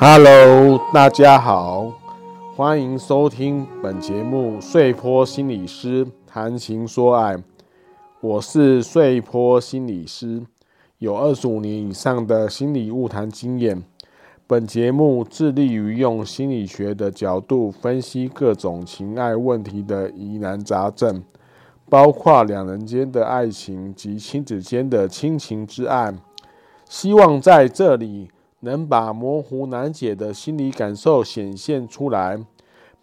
Hello，大家好，歡迎收聽本節目《穗波心理師談情說愛》。我是穗波心理師，有二十五年以上的心理晤談經驗。本節目致力於用心理學的角度分析各種情愛問題的疑難雜症，包括兩人間的愛情及親子間的親情之愛。希望在這裡，能把模糊難解的心理感受顯現出來，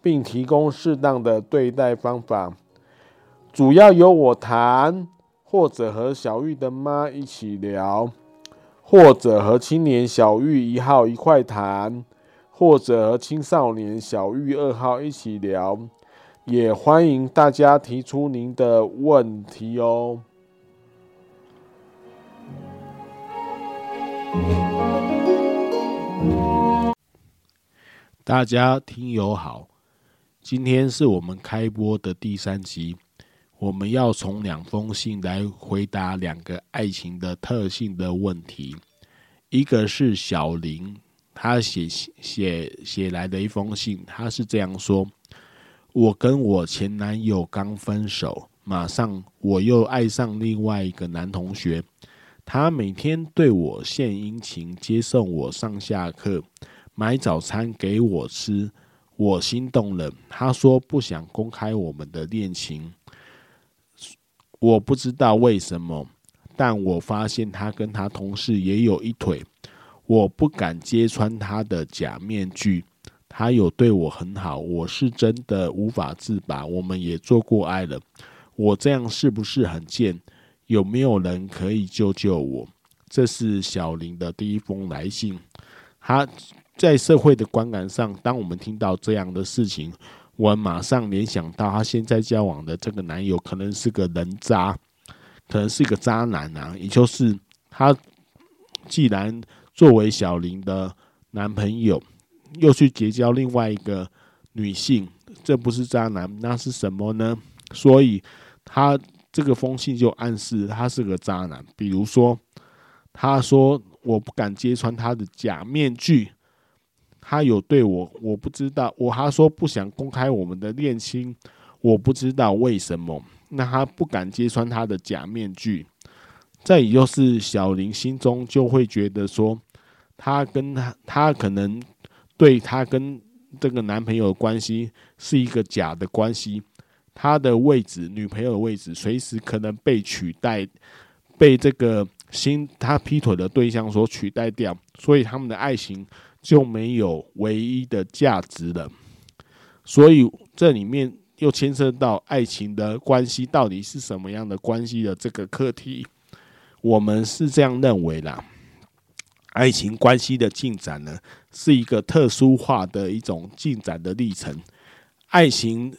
並提供適當的對待方法，主要由我談，或者和小玉的媽一起聊，或者和青年小玉一號一塊談，或者和青少年小玉二號一起聊，也歡迎大家提出您的問題哦。 大家聽友好，今天是我們開播的第三集。我們要從兩封信來回答兩個愛情的特性的問題。一個是小林，他寫寫寫來的一封信，他是這樣說：“我跟我前男友剛分手，馬上我又愛上另外一個男同學，他每天對我獻殷勤，接送我上下課。”買早餐給我吃，我心動了。他說不想公開我們的戀情，我不知道為什麼，但我發現他跟他同事也有一腿。我不敢揭穿他的假面具，他有對我很好，我是真的無法自拔。我們也做過愛了，我這樣是不是很賤？有沒有人可以救救我？這是小林的第一封來信。他在社會的觀感上，當我們聽到這樣的事情，我馬上聯想到，他現在交往的這個男友可能是個人渣，可能是個渣男啊！也就是他既然作為小林的男朋友，又去結交另外一個女性，這不是渣男，那是什麼呢？所以他這個封信就暗示他是個渣男。比如說，他說：“我不敢揭穿他的假面具。”他有對我，我不知道。我還說不想公開我們的戀情，我不知道為什麼。那他不敢揭穿他的假面具。這也就是小林心中就會覺得說，他跟他，他可能對他跟這個男朋友的關係是一個假的關係，他的位置，女朋友的位置，隨時可能被取代，被這個新他劈腿的對象所取代掉。所以他們的愛情。就沒有唯一的價值了，所以這裡面又牽涉到愛情的關係到底是什麼樣的關係的這個課題，我們是這樣認為啦。愛情關係的進展呢，是一個特殊化的一種進展的歷程。愛情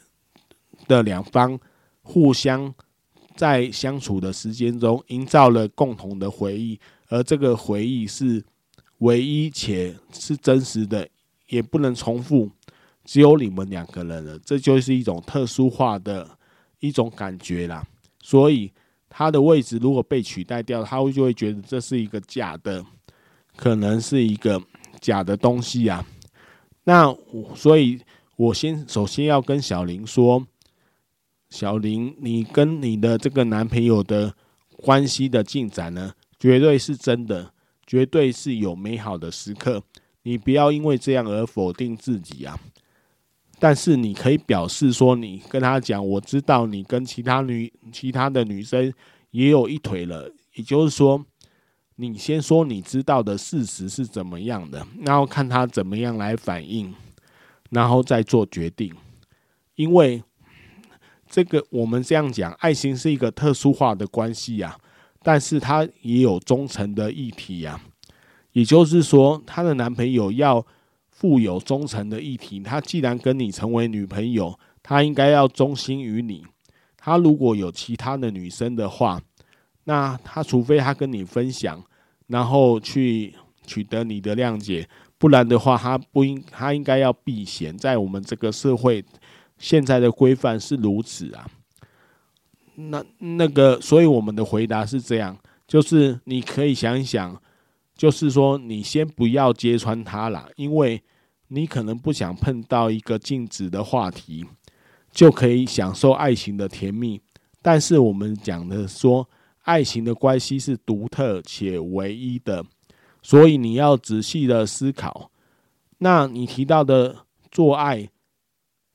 的兩方互相在相處的時間中營造了共同的回憶，而這個回憶是。唯一且是真實的，也不能重複，只有你們兩個人了，這就是一種特殊化的一種感覺啦。所以他的位置如果被取代掉，他會就會覺得這是一個假的，可能是一個假的東西啊。那所以我先首先要跟小林說，小林，你跟你的這個男朋友的關係的進展呢，絕對是真的。絕對是有美好的時刻，你不要因為這樣而否定自己啊！但是你可以表示說，你跟他講，我知道你跟其他女、其他的女生也有一腿了。也就是說，你先說你知道的事實是怎麼樣的，然後看他怎麼樣來反應，然後再做決定。因為這個，我們這樣講，愛情是一個特殊化的關係呀。但是她也有忠誠的議題呀、啊，也就是說，她的男朋友要負有忠誠的議題。他既然跟你成為女朋友，他應該要忠心於你。他如果有其他的女生的話，那他除非他跟你分享，然後去取得你的諒解，不然的話，他不應，他應該要避嫌。在我們這個社會現在的規範是如此啊。那那個，所以我們的回答是這樣，就是你可以想一想，就是說你先不要揭穿他啦，因為你可能不想碰到一個禁止的話題，就可以享受愛情的甜蜜。但是我們講的說，愛情的關係是獨特且唯一的，所以你要仔細的思考。那你提到的做愛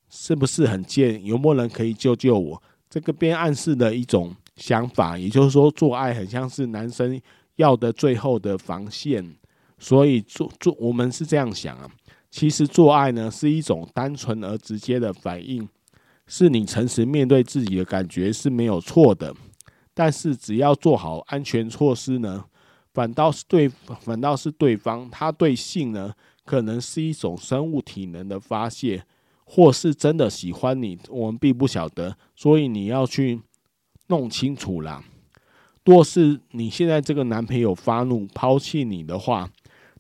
是不是很賤？有沒有人可以救救我？這個便暗示的一種想法，也就是說，做愛很像是男生要的最後的防線。所以做，做做我們是這樣想啊，其實做愛呢是一種單純而直接的反應，是你誠實面對自己的感覺是沒有錯的。但是，只要做好安全措施呢，反倒是對，反倒是對方他對性呢，可能是一種生物體能的發洩。或是真的喜歡你，我們並不曉得，所以你要去弄清楚啦。若是你現在這個男朋友發怒拋棄你的話，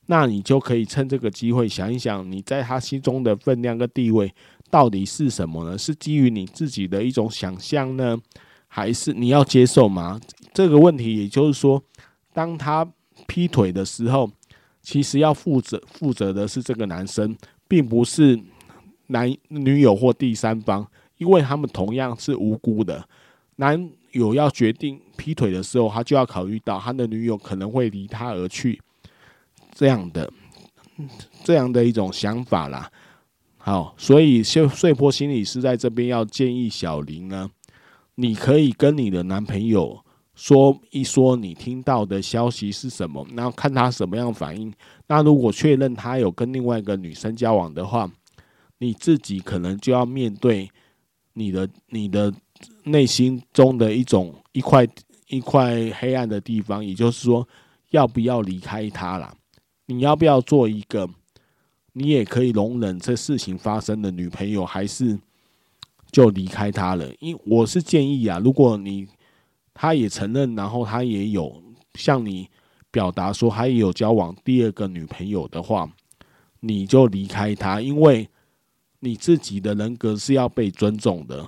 那你就可以趁這個機會想一想，你在他心中的分量跟地位到底是什麼呢？是基於你自己的一種想象呢，還是你要接受嗎？這個問題也就是說，當他劈腿的時候，其實要負責負責的是這個男生，並不是。男女友或第三方，因為他們同樣是無辜的。男友要決定劈腿的時候，他就要考慮到他的女友可能會離他而去，這樣的，這樣的一種想法啦。好，所以穗波心理師在這邊要建議小林呢，你可以跟你的男朋友說一說你聽到的消息是什麼，然後看他什麼樣反應。那如果確認他有跟另外一個女生交往的話，你自己可能就要面對你的你的內心中的一種一塊一塊黑暗的地方，也就是說，要不要離開他啦？你要不要做一個你也可以容忍這事情發生的女朋友，還是就離開他了？因我是建議啊，如果你他也承認，然後他也有向你表達說他也有交往第二個女朋友的話，你就離開他，因為。你自己的人格是要被尊重的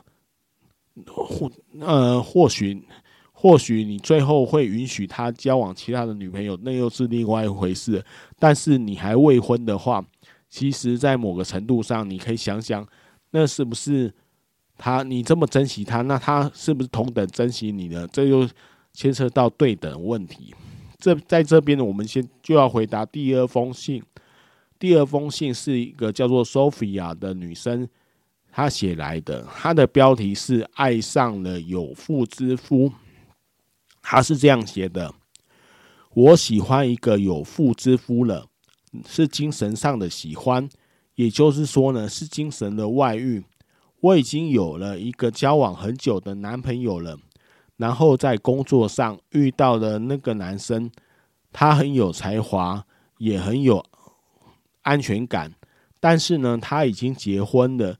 或，或呃、或許或許你最後會允許他交往其他的女朋友，那又是另外一回事。但是你還未婚的話，其實，在某個程度上，你可以想想，那是不是他你這麼珍惜他，那他是不是同等珍惜你呢？這就牽涉到對等問題。這在這邊，我們先就要回答第二封信。第二封信是一個叫做 Sophia 的女生，她寫來的。她的標題是“愛上了有婦之夫”。她是這樣寫的：“我喜歡一個有婦之夫了，是精神上的喜歡，也就是說呢，是精神的外遇。我已經有了一個交往很久的男朋友了，然後在工作上遇到了那個男生，他很有才華，也很有。”安全感，但是呢，他已經結婚了，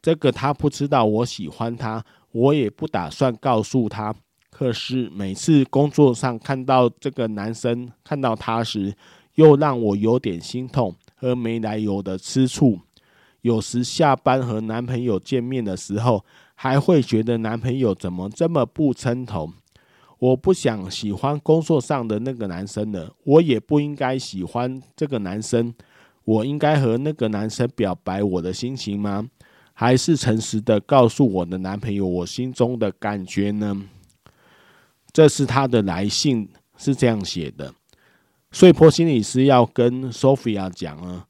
這個他不知道我喜歡他，我也不打算告訴他。可是每次工作上看到這個男生，看到他時，又讓我有點心痛和沒來由的吃醋。有時下班和男朋友見面的時候，還會覺得男朋友怎麼這麼不稱頭。我不想喜歡工作上的那個男生了，我也不應該喜歡這個男生。我應該和那個男生表白我的心情嗎？還是誠實的告訴我的男朋友我心中的感覺呢？這是他的來信，是這樣寫的。穗波心理師要跟 Sophia 講呢、啊。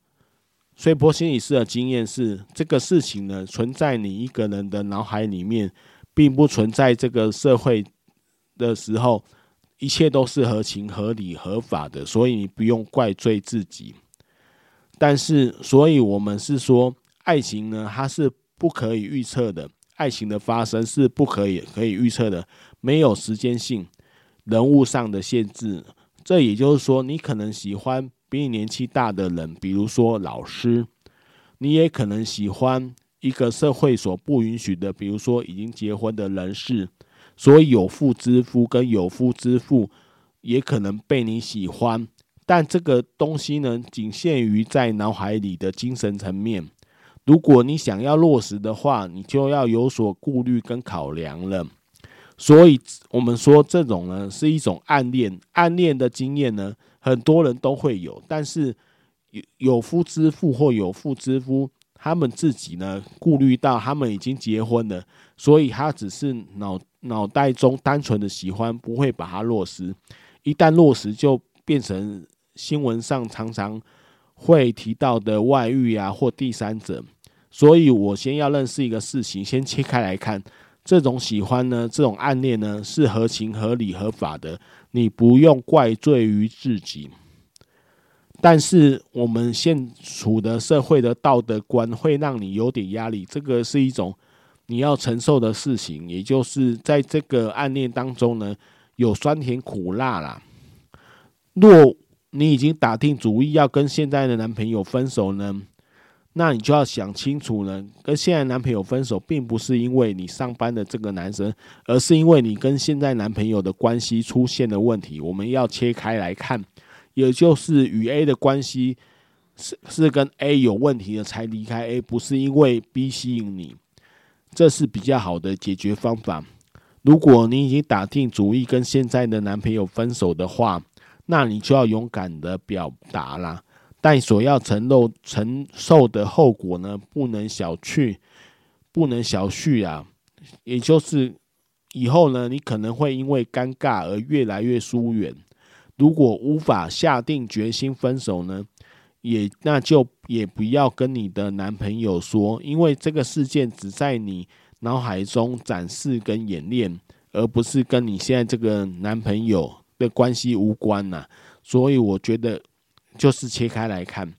穗波心理師的經驗是，這個事情呢，存在你一個人的腦海裡面，並不存在這個社會的時候，一切都是合情合理合法的，所以你不用怪罪自己。但是，所以我們是說，愛情呢，它是不可以預測的，愛情的發生是不可以可以預測的，沒有時間性，人物上的限制。這也就是說，你可能喜歡比你年紀大的人，比如說老師；你也可能喜歡一個社會所不允許的，比如說已經結婚的人士。所以，有婦之夫跟有夫之婦，也可能被你喜歡。但這個東西呢，僅限於在腦海裡的精神層面。如果你想要落實的話，你就要有所顧慮跟考量了。所以，我們說這種呢是一種暗戀。暗戀的經驗呢，很多人都會有。但是有有夫之婦或有婦之夫，他們自己呢顧慮到他們已經結婚了，所以他只是腦腦袋中單純的喜歡，不會把它落實。一旦落實，就變成新聞上常常會提到的外遇啊，或第三者，所以我先要認識一個事情，先切開來看，這種喜歡呢，這種暗戀呢，是合情合理合法的，你不用怪罪於自己。但是我們現處的社會的道德觀會讓你有點壓力，這個是一種你要承受的事情，也就是在這個暗戀當中呢，有酸甜苦辣啦。若你已經打定主意要跟現在的男朋友分手呢，那你就要想清楚了。跟現在男朋友分手，並不是因為你上班的這個男生，而是因為你跟現在男朋友的關係出現了問題。我們要切開來看，也就是與 A 的關係是是跟 A 有問題的，才離開 A，不是因為 B 吸引你。這是比較好的解決方法。如果你已經打定主意跟現在的男朋友分手的話，那你就要勇敢的表達啦，但所要承受承受的後果呢，不能小覷，不能小覷啊！也就是以後呢，你可能會因為尷尬而越來越疏遠。如果無法下定決心分手呢，也那就也不要跟你的男朋友說，因為這個事件只在你腦海中展示跟演練，而不是跟你現在這個男朋友。的關係無關吶、啊，所以我覺得就是切開來看，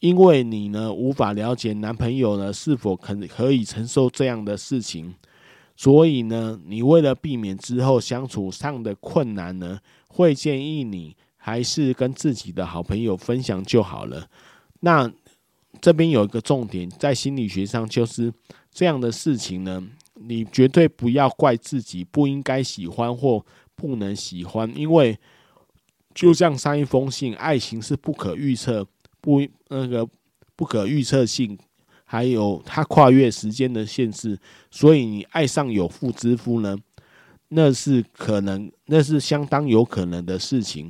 因為你呢無法了解男朋友呢是否肯可以承受這樣的事情，所以呢，你為了避免之後相處上的困難呢，會建議你還是跟自己的好朋友分享就好了。那這邊有一個重點，在心理學上，就是這樣的事情呢，你絕對不要怪自己不應該喜歡或。不能喜歡，因為就像上一封信，愛情是不可預測，不，那個不可預測性，還有它跨越時間的限制，所以你愛上有婦之夫呢，那是可能，那是相當有可能的事情。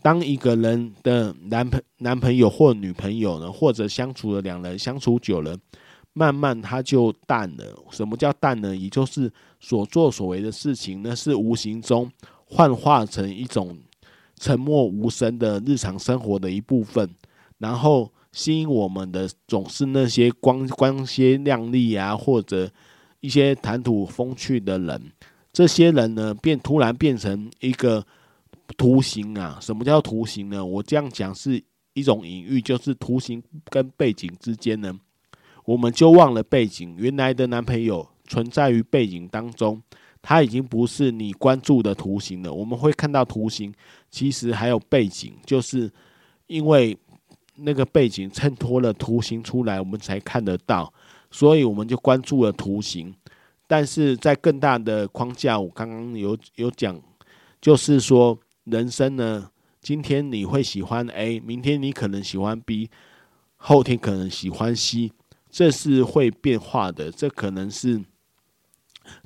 當一個人的男朋男朋友或女朋友呢，或者相處了兩人，相處久了。慢慢它就淡了。什麼叫淡呢？也就是所作所為的事情呢，是無形中幻化成一種沉默無聲的日常生活的一部分。然後吸引我們的總是那些光光鮮亮麗啊，或者一些談吐風趣的人。這些人呢，變突然變成一個圖形啊。什麼叫圖形呢？我這樣講是一種隱喻，就是圖形跟背景之間呢。我們就忘了背景，原來的男朋友存在於背景當中，他已經不是你關注的圖形了。我們會看到圖形，其實還有背景，就是因為那個背景襯托了圖形出來，我們才看得到。所以我們就關注了圖形，但是在更大的框架，我剛剛有有講，就是說人生呢，今天你會喜歡 A，明天你可能喜歡 B，後天可能喜歡 C。這是會變化的，這可能是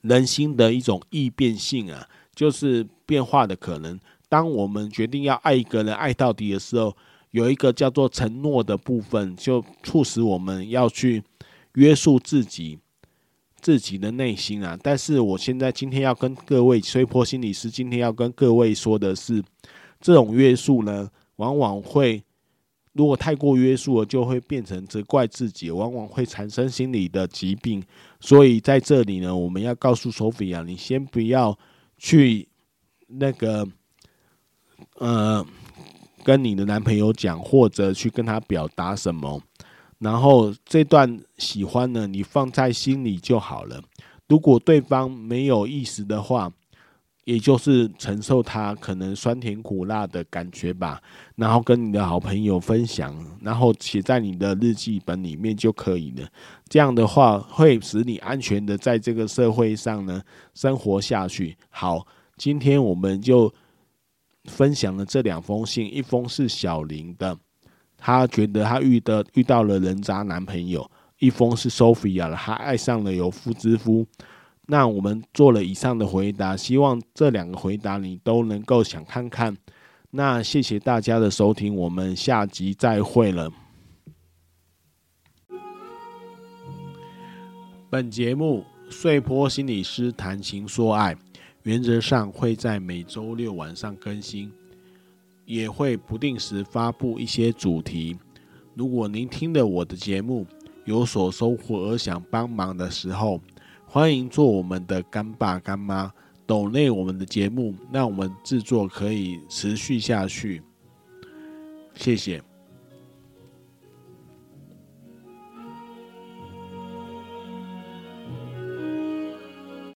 人心的一種易變性啊，就是變化的可能。當我們決定要愛一個人愛到底的時候，有一個叫做承諾的部分，就促使我們要去約束自己自己的內心啊。但是，我現在今天要跟各位穗波心理師，今天要跟各位說的是，這種約束呢，往往會。如果太過約束了，就會變成責怪自己，往往會產生心理的疾病。所以在這裡呢，我們要告訴 Sophia，你先不要去那個，呃，跟你的男朋友講，或者去跟他表達什麼。然後這段喜歡呢，你放在心裡就好了。如果對方沒有意思的話，也就是承受他可能酸甜苦辣的感覺吧，然後跟你的好朋友分享，然後寫在你的日記本裡面就可以了。這樣的話會使你安全的在這個社會上呢生活下去。好，今天我們就分享了這兩封信，一封是小林的，他覺得他遇的遇到了人渣男朋友；一封是 Sophia，她愛上了有夫之夫。那我們做了以上的回答，希望這兩個回答你都能夠想看看。那謝謝大家的收聽，我們下集再會了。本節目穗波心理師談情說愛，原則上會在每周六晚上更新，也會不定時發布一些主題。如果您聽了我的節目有所收穫而想幫忙的時候，歡迎做我們的乾爸乾媽，抖內我們的節目，讓我們製作可以持續下去。謝謝。